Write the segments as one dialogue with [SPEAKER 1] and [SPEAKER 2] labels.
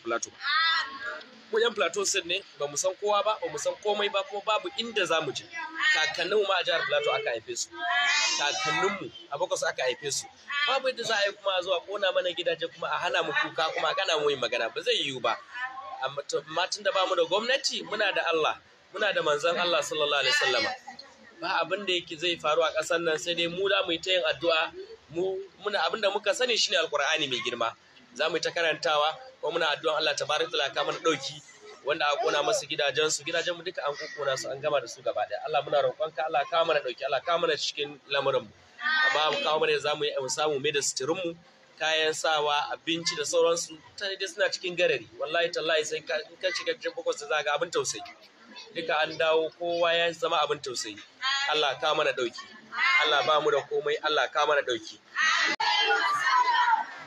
[SPEAKER 1] plateau ko yan plateau sun ne ba mu san kowa ba ba mu san komai ba kuma babu inda za mu je
[SPEAKER 2] kakannin mu a jihar plateau aka haife su
[SPEAKER 1] kakannin mu a su aka haife su babu yadda za a yi kuma a zuwa kona mana gidaje kuma a hana mu kuka kuma a gana mu yi magana ba zai yiwu ba amma tun da ba mu da gwamnati muna da Allah muna da manzon Allah sallallahu alaihi wasallama ba abin da yake zai faru a ƙasar nan sai dai mu da mu yi ta yin addu'a mu muna abin da muka sani shine alkur'ani mai girma za mu yi ta karantawa kuma muna addu'an Allah tabaraka ta'ala ka mana dauki wanda aka kona masa gidajen su gidajen mu duka an kokona su an gama da su gaba daya Allah muna roƙon ka Allah ka mana dauki Allah ka mana cikin lamarin mu
[SPEAKER 2] ba mu kawo mana
[SPEAKER 1] zamu yi mu samu mai da suturin mu kayan sawa abinci da sauransu ta dai suna cikin garari wallahi tallahi sai ka in ka shiga cikin bakwas su ga abin tausayi duka an dawo kowa ya zama abin tausayi Allah ka mana dauki Allah ba mu da komai Allah ka mana dauki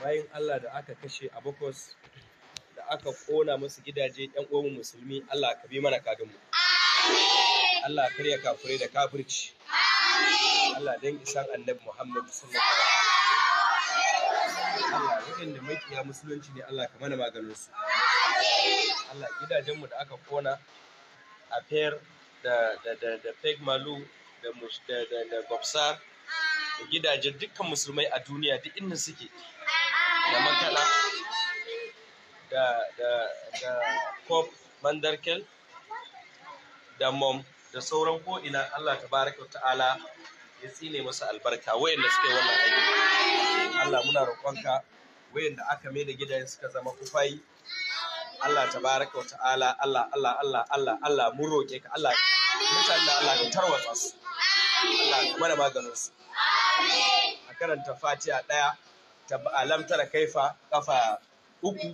[SPEAKER 1] bayan Allah da aka kashe a aka kona musu gidaje yan uwan musulmi Allah ka bi mana kadin mu
[SPEAKER 2] amin Allah
[SPEAKER 1] karya kafure da kafirci
[SPEAKER 2] amin Allah
[SPEAKER 1] dan isan annabi Muhammad sallallahu alaihi
[SPEAKER 2] wasallam Allah waɗanda
[SPEAKER 1] makiya musulunci ne Allah ka mana maganin su Allah gidajenmu da aka kona a fair da da da da Peg Malu da da da, da Gobsar gidajen dukkan musulmai a duniya duk inda suke da makala da da da pop mandarkel da mom da sauran ko ina Allah tabaraka ta'ala ya tsine masa albarka wayanda suke wannan aiki Allah muna roƙonka wayanda aka mai da gidan suka zama kufai Allah tabaraka ta'ala Allah Allah Allah Allah Allah mu roƙe ka Allah mutanen da Allah ka tarwatsa su Allah ka mana maganin su a karanta Fatiha daya ta alam tara kaifa kafa uku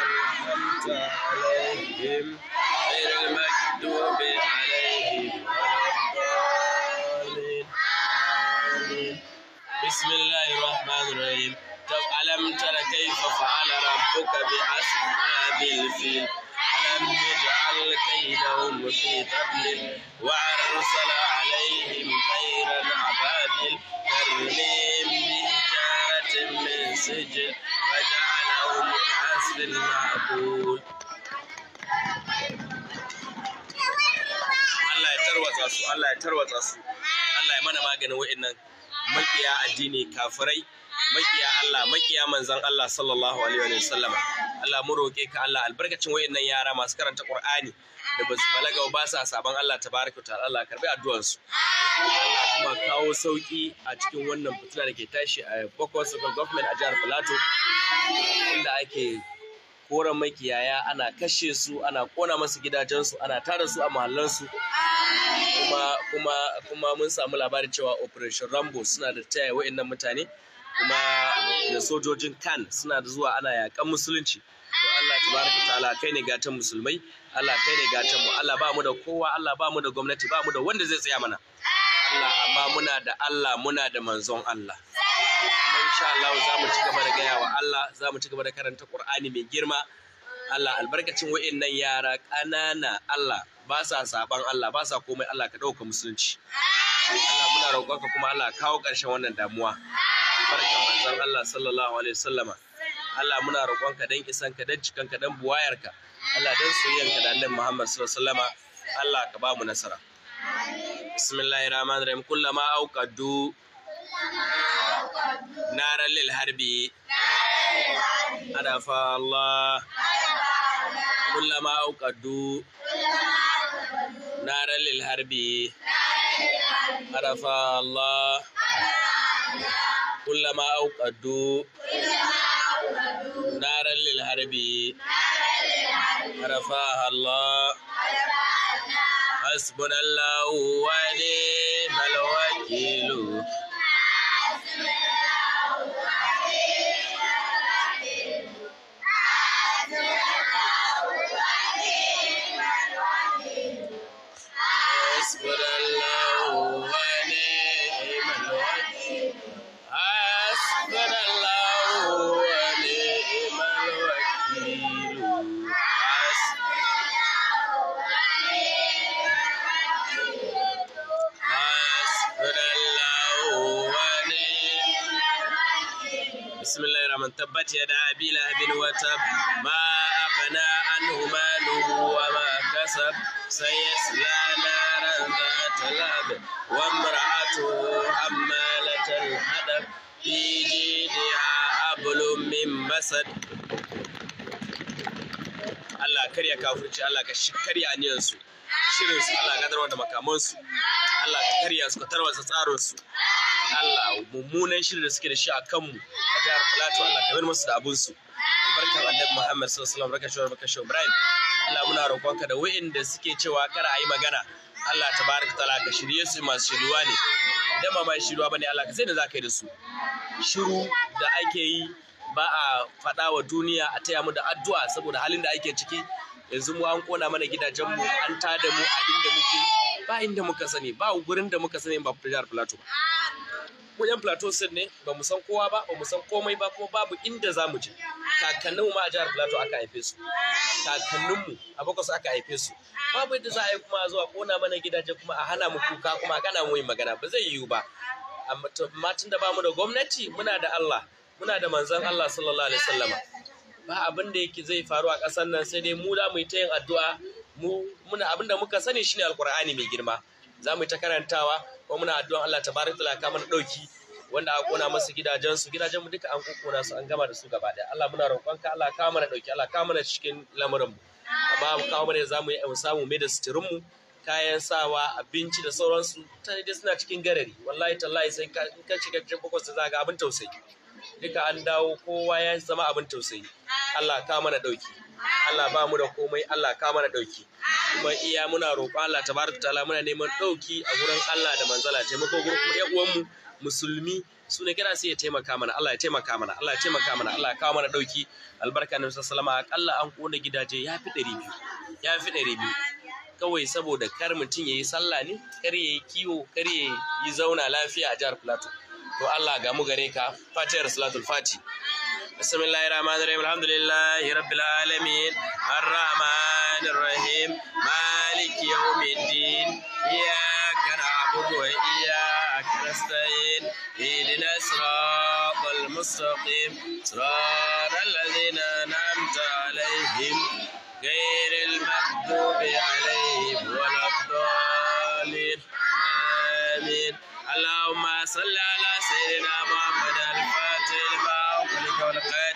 [SPEAKER 1] ربك بأصحاب
[SPEAKER 2] الفيل ألم يجعل كيدهم في تضليل وأرسل عليهم خيرا عبادل ترميم بحجارة من سجل فجعلهم حسب المعقول Allah
[SPEAKER 1] ya tarwatsa su Allah ya mana maganin wa'annan mulkiya addini kafirai makiya Allah makiya manzon Allah sallallahu alaihi wa sallama Allah mu roke ka Allah albarkacin wayannan yara masu karanta Qur'ani da basu balaga ba sa saban Allah tabaraka ta Allah karbi addu'ar su
[SPEAKER 2] Allah kuma kawo
[SPEAKER 1] sauki a cikin wannan fitina da ke tashi a Bokos Government a jihar Plateau
[SPEAKER 2] inda ake
[SPEAKER 1] koran makiyaya ana kashe su ana kona masu gidajensu ana tara su a su kuma kuma kuma mun samu labarin cewa operation rambo suna da taya wayannan mutane kuma da sojojin kan suna da zuwa ana yakan musulunci to Allah tabaraka ta'ala kai ne gatan musulmai Allah kai ne gatan mu Allah ba mu da kowa Allah ba mu da gwamnati ba mu da wanda zai tsaya mana
[SPEAKER 2] Allah amma muna da Allah
[SPEAKER 1] muna da manzon Allah
[SPEAKER 2] insha Allah za mu ci gaba da gaya wa
[SPEAKER 1] Allah za mu ci gaba da karanta Qur'ani mai girma Allah albarkacin wa'annan yara ƙanana Allah ba sa saban Allah ba sa komai Allah ka dauka musulunci Allah muna roƙonka kuma Allah kawo ƙarshen wannan damuwa barkan manzon Allah sallallahu alaihi wasallama Allah muna ka dan isanka dan cikanka dan buwayarka Allah dan ka da Annabi Muhammad sallallahu alaihi wasallama Allah ka ba mu nasara bismillahir rahmanir rahim kullama auqaddu nara lil harbi adafa Allah kullama auqadu nara lil harbi adafa Allah كلما أوقدوا نارا للحرب رفاها الله حسبنا الله
[SPEAKER 2] ونعم الوكيل
[SPEAKER 1] تبت يدا أبي لهب وتب ما أغنى عنه ماله وما كسب سيصلى
[SPEAKER 2] نارا ذات
[SPEAKER 1] لهب وامرأته حمالة الحدب في جيدها حبل من مسد Allah karya kafirci Allah ka karya su
[SPEAKER 2] shirin su Allah ka tarwa
[SPEAKER 1] da makamansu Allah ka karya su ka tarwa tsarin su Allah mummunan shirin da suke da shi a kanmu salatu Allah ka bar musu da abun su barkan annabi Muhammad sallallahu alaihi wasallam barka shawar Ibrahim Allah muna roƙonka da wa'inda suke cewa kar a yi magana Allah tabaraka taala ka shirye su masu shiruwa ne idan ba mai shiruwa bane Allah ka sai da zaka yi da su shiru da ake yi ba a faɗa wa duniya a taya mu da addu'a saboda halin da ake ciki yanzu mu an kona mana gidajen mu, an tada mu a
[SPEAKER 2] inda muke ba inda muka
[SPEAKER 1] sani ba gurin da muka sani ba jihar Plateau
[SPEAKER 2] ba
[SPEAKER 1] ko yan plateau sun ne ba mu san kowa ba ba mu san komai ba kuma babu inda za mu je
[SPEAKER 2] kakannin mu a jihar plateau aka haife su
[SPEAKER 1] kakannin mu a su aka haife su babu yadda za a yi kuma a zuwa kona mana gidaje kuma a hana mu kuka kuma a kana mu yi magana ba zai yiwu ba amma tun da bamu da gwamnati muna da Allah muna da manzon Allah sallallahu alaihi wasallama ba abin da yake zai faru a ƙasar nan sai dai mu da mu yi ta yin addu'a mu muna abin da muka sani shine alkur'ani mai girma za mu yi ta karantawa kuma muna addu'an Allah ta ta'ala ka mana dauki wanda aka kona masa gidajen su gidajen mu duka an kokona su an gama da su gaba daya Allah muna roƙon ka Allah ka mana dauki Allah ka mana cikin lamarin mu amma kawo mana za mu yi mu mai da suturin mu kayan sawa abinci da sauransu ta dai suna cikin garari wallahi tallahi sai ka in ka shiga cikin bakwas za ga abin tausayi duka an dawo kowa ya zama abin tausayi Allah ka mana dauki Allah ba mu da komai Allah ka mana dauki kuma iya muna roƙo Allah tabaraka taala muna neman dauki a gurin Allah da manzala taimako gurin kuma ya uwan mu musulmi su ne kira sai ya taimaka mana Allah ya taimaka mana Allah ya taimaka mana Allah ya kawo mana dauki albarka na sallama akalla an kona gidaje ya fi 200 ya fi 200 kawai saboda kar mutum yayi sallah ne kar yayi kiwo kar yayi zauna lafiya a jihar Plateau to Allah ga mu gare ka fatiha salatul fati بسم الله الرحمن الرحيم الحمد لله رب العالمين الرحمن الرحيم
[SPEAKER 2] مالك يوم
[SPEAKER 1] الدين
[SPEAKER 2] إياك
[SPEAKER 1] نعبد وإياك نستعين اهدنا الصراط المستقيم صراط الذين أنعمت عليهم غير
[SPEAKER 2] المكتوب عليهم ولا الضالين
[SPEAKER 1] آمين اللهم صل على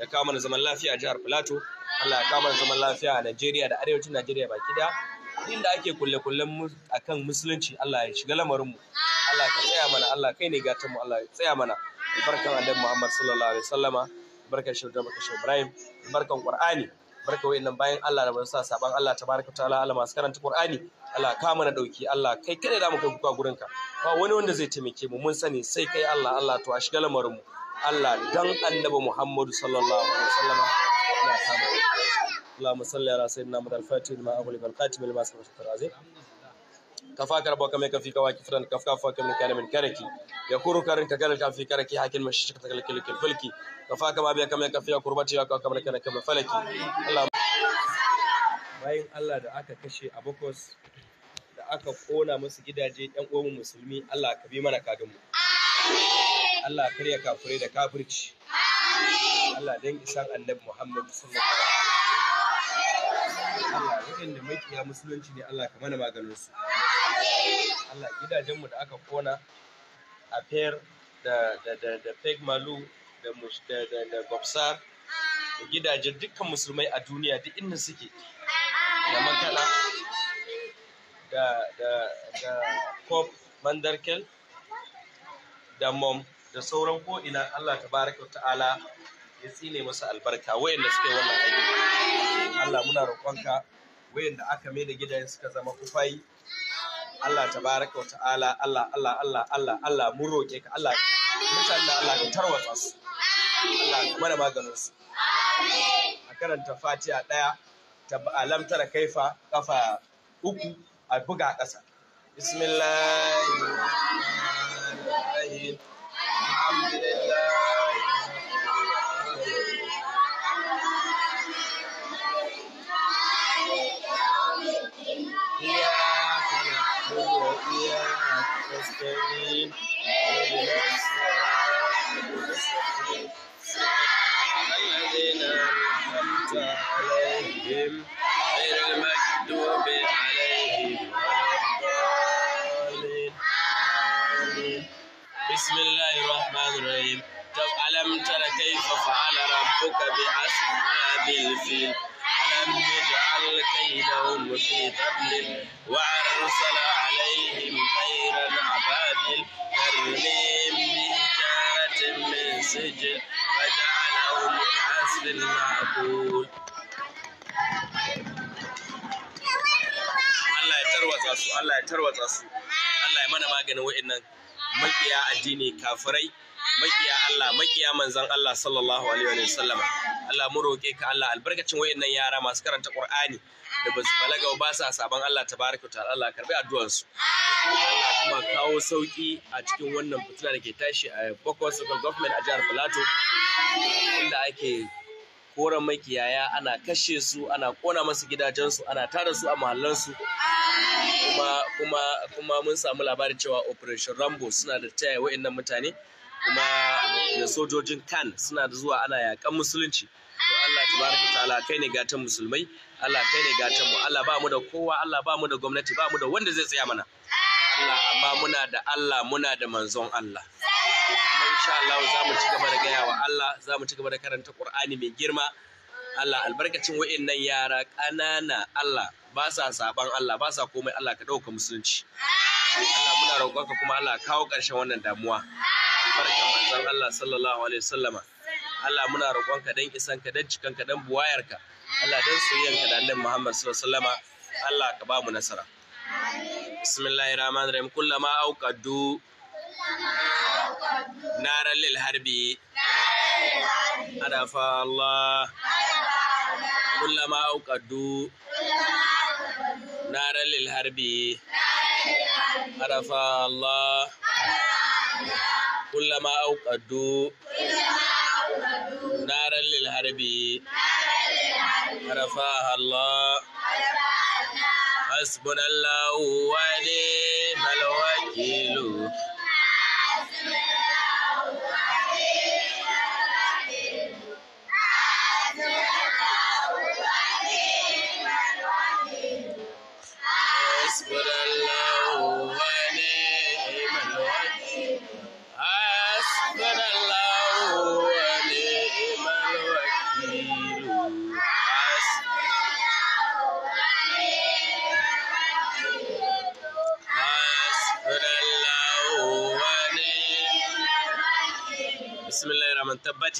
[SPEAKER 1] ya kawo mana zaman lafiya a jihar Filato, Allah ya kawo mana zaman lafiya a Najeriya da arewacin Najeriya baki da. Inda ake kulle-kullen akan musulunci Allah ya shiga lamarinmu. Allah ka tsaya mana, Allah kai ne gatanmu, Allah ya tsaya mana. Barkan Adam Muhammad sallallahu alaihi wasallama, barkan Shirja Baka Ibrahim, barkan Qur'ani, barka wayannan bayan Allah da sa saban Allah tabaraka ta'ala Allah masu karanta Qur'ani Allah ka mana dauki Allah kai kada da mu kai kuka gurinka ba wani wanda zai taimake mu mun sani sai kai Allah Allah to a shiga lamarin mu dan annabi Muhammadu sallallahu alaihi Allah bayan Allah da aka kashe abokos da aka ƙona musu gidaje ƴan uwan musulmi Allah ka bi mana kagan
[SPEAKER 2] Amin. Allah
[SPEAKER 1] karya kafirai da kafirci Allah dan isan annabi Muhammad sallallahu
[SPEAKER 2] alaihi wasallam Allah mai
[SPEAKER 1] makiya musulunci ne Allah ka mana maganin su Allah gidajenmu da aka kona a fair da da da da malu da da da gobsar da gidajen dukkan musulmai a duniya duk inda suke da makala da da da kop mandarkel da mom da sauran ko ina Allah tabaraka ta'ala ya tsine masa albarka wayanda suke wannan aiki Allah muna roƙonka wayanda aka mai da gidan suka zama kufai Allah baraka wa ta'ala Allah Allah Allah Allah Allah mun roƙe ka Allah
[SPEAKER 2] mutanen da Allah ka tarwatsa su Allah ya mana
[SPEAKER 1] maganin su a karanta Fatiha daya ta alam tara kaifa kafa uku a buga ƙasa bismillah
[SPEAKER 2] عليهم غير المكتوب عليهم بسم الله الرحمن الرحيم طب ألم تر كيف فعل ربك بأصحاب الفيل ألم يجعل كيدهم في تضليل وأرسل
[SPEAKER 1] tarwatsa su Allah ya mana maganin wa'annan makiya addini kafirai
[SPEAKER 2] makiya Allah
[SPEAKER 1] makiya manzon Allah sallallahu alaihi wa sallama Allah mu roke ka Allah albarkacin wa'annan yara masu karanta Qur'ani da basu balaga ba sa saban Allah tabaraka ta Allah karbi addu'an su
[SPEAKER 2] Allah kuma kawo
[SPEAKER 1] sauki a cikin wannan fitila da ke tashi a Bokos Local Government a jihar Plateau inda ake Koran makiyaya ana kashe su ana kona masu gidajensu ana tara su a mahallansu kuma kuma kuma mun samu labarin cewa operation rambo suna da taya wa'annan mutane kuma da sojojin kan suna da zuwa ana yakan musulunci to Allah tabaraka ta'ala kai ne gatan musulmai Allah kai ne gatan mu Allah ba mu da kowa Allah ba mu da gwamnati ba mu da wanda zai tsaya mana
[SPEAKER 2] Allah amma muna da Allah
[SPEAKER 1] muna da manzon Allah
[SPEAKER 2] insha Allah za mu ci gaba
[SPEAKER 1] za mu ci gaba da karanta Qur'ani mai girma Allah albarkacin wa'annan yara ƙanana Allah ba sa saban Allah ba sa komai Allah ka ɗauka musulunci Allah muna roƙonka kuma Allah kawo ƙarshen wannan damuwa
[SPEAKER 2] albarkan manzon Allah
[SPEAKER 1] sallallahu alaihi wasallama Allah muna roƙonka dan isanka dan cikanka dan buwayarka Allah dan ka da Annabi Muhammad sallallahu alaihi wasallama Allah ka ba mu nasara Bismillahir Rahmanir Rahim kullama auqaddu naran lil harbi Adafa Allah. Kullama auqaddu. Nara lil harbi. Adafa Allah. Kullama auqaddu. Nara lil harbi. Adafa Allah. Hasbunallahu wa ni'mal
[SPEAKER 2] wakilu.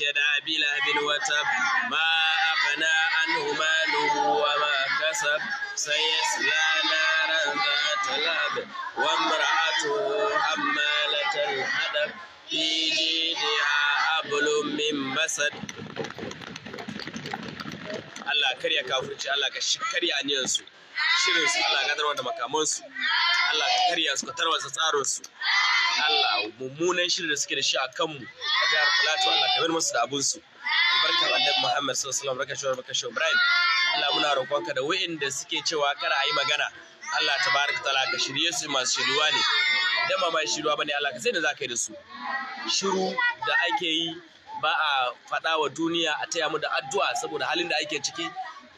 [SPEAKER 1] يدعى بلهب وتب ما أغنى عنه ماله وما كسب سيسلى نارا ذات لهب وامرأته حمالة الحدب في جيدها حبل من مسد Allah kar ya kafirci Allah ka shikar ya niyan su
[SPEAKER 2] shirin su Allah ka
[SPEAKER 1] tarwata su
[SPEAKER 2] Allah ka karya su ka tarwata tsaron
[SPEAKER 1] su Allah mummunan shirin da suke da shi a kanmu jihar Plateau Allah ka bar musu da abun su
[SPEAKER 2] albarkar
[SPEAKER 1] annabi Muhammad sallallahu alaihi wasallam barka shawar barka Ibrahim Allah muna roƙonka da wa'inda suke cewa kara a yi magana Allah tabaraka taala ka shirye su masu shiruwa ne da ma mai shiruwa bane Allah ka sai da zaka yi da su
[SPEAKER 2] shiru da ake
[SPEAKER 1] yi ba a faɗa wa duniya a taya mu da addu'a saboda halin da ake ciki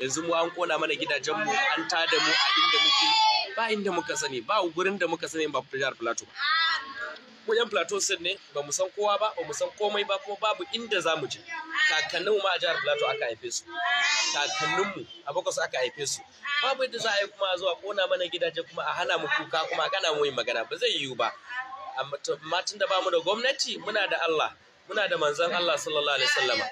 [SPEAKER 1] yanzu mu an kona mana gidajenmu an tada mu a inda
[SPEAKER 2] muke ba inda muka
[SPEAKER 1] sani ba gurin da muka sani ba jihar Plateau ba yan plateau sun ne ba mu san kowa ba ba mu san komai ba kuma babu inda za mu je
[SPEAKER 2] kakanninmu ma a jihar plateau aka haife su mu
[SPEAKER 1] a su aka haife su babu yadda za a yi kuma a zuwa kona mana gidaje kuma a hana mu kuka kuma a mu yin magana ba zai yiwu ba amma tun da bamu da gwamnati muna da Allah muna da manzon Allah sallallahu alaihi wasallama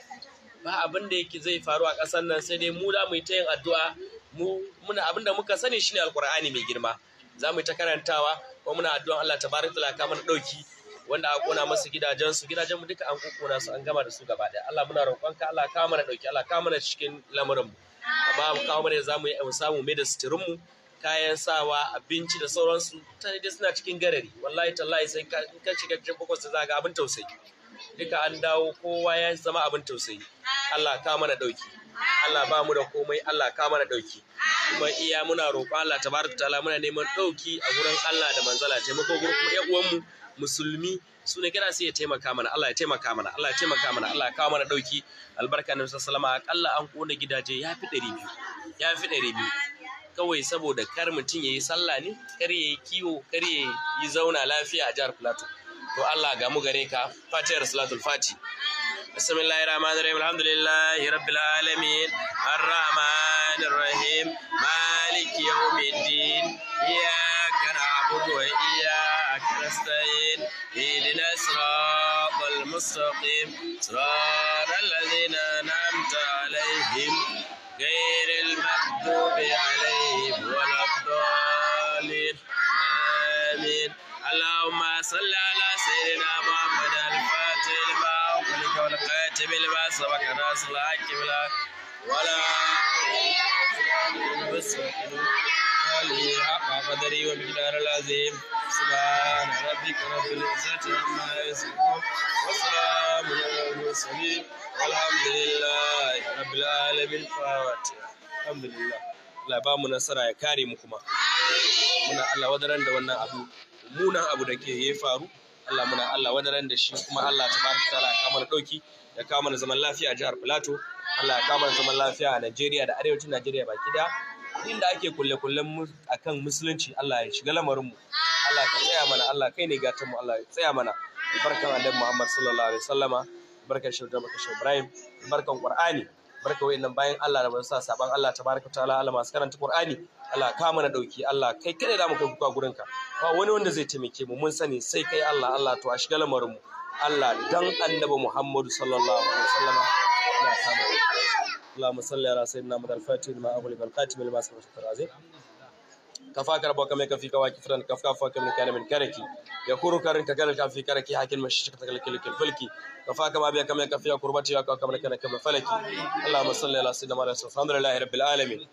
[SPEAKER 1] ba abin da yake zai faru a ƙasar nan sai dai mu da mu yi ta yin addu'a mu muna abin da muka sani shine alkur'ani mai girma za mu yi ta karantawa kuma muna addu'an Allah tabaraka ta'ala ka mana dauki wanda aka kona masa gidajen su gidajen mu duka an kokona su an gama da su gaba daya Allah muna roƙon ka Allah ka mana dauki Allah ka mana cikin lamurin mu amma mu kawo mana zamu yi mu samu mai da suturin mu kayan sawa abinci da sauransu mutane dai suna cikin garari wallahi tallahi sai ka in ka shiga cikin bakwai za ga abin tausayi duka an dawo kowa ya zama abin tausayi Allah ka mana dauki Allah ba mu da komai Allah ka mana dauki kuma iya muna roƙo Allah tabaraka taala muna neman dauki a gurin Allah da manzala taimako gurin kuma ƴan uwanmu musulmi su ne kira sai ya taimaka mana Allah ya taimaka mana Allah ya taimaka mana Allah ya kawo mana dauki albarka nabi sallama akalla an kona gidaje ya fi 200 ya fi 200 kawai saboda kar mutum ya yi sallah ne kar yayi kiwo kar yayi zauna lafiya a jihar Plateau to Allah ga mu gare ka fatihar salatul fati بسم الله الرحمن الرحيم الحمد لله رب العالمين الرحمن الرحيم
[SPEAKER 2] مالك يوم
[SPEAKER 1] الدين
[SPEAKER 2] إياك نعبد وإياك
[SPEAKER 1] نستعين اهدنا الصراط المستقيم صراط الذين أنعمت عليهم غير المكتوب عليهم ولا
[SPEAKER 2] الضالين آمين
[SPEAKER 1] اللهم صل على ka wani kaya ta bai libasa nasara ya kare mu kuma. da wannan abu, abu da ya faru Allah muna Allah ran da shi kuma Allah ta ta'ala ya kama da dauki ya kama da zaman lafiya a jihar Plateau Allah ya kama da zaman lafiya a Najeriya da arewacin Najeriya baki da. inda ake kulle-kullen akan musulunci Allah ya shiga lamarinmu Allah ka tsaya mana Allah kai ne mu Allah ya tsaya mana barkan annabi Muhammad sallallahu alaihi wasallama barkan shauta barkan Ibrahim barkan Qur'ani barka wayannan bayan Allah da sa saban Allah tabaraka ta'ala Allah masu karanta Qur'ani Allah ka mana dauki Allah kai kada da mu kai kuka gurin ka ba wani wanda zai taimake mu mun sani sai kai Allah Allah to a shiga lamarin mu Allah dan annabi Muhammadu sallallahu alaihi wasallam ya samu اللهم صل على سيدنا محمد الفاتح لما أغلق القاتم لما سبق العظيم كفاكر بوكا ميكا في كواكي فرن كفكا فاكا من كان من كركي يكورو كرن ككرن كان في كركي حاكي المشيشك تكلك لك الفلكي كفاكا ما بيكا ميكا فيها كربتي وكا كمل كان كم فلكي اللهم صل على سيدنا محمد الحمد لله رب العالمين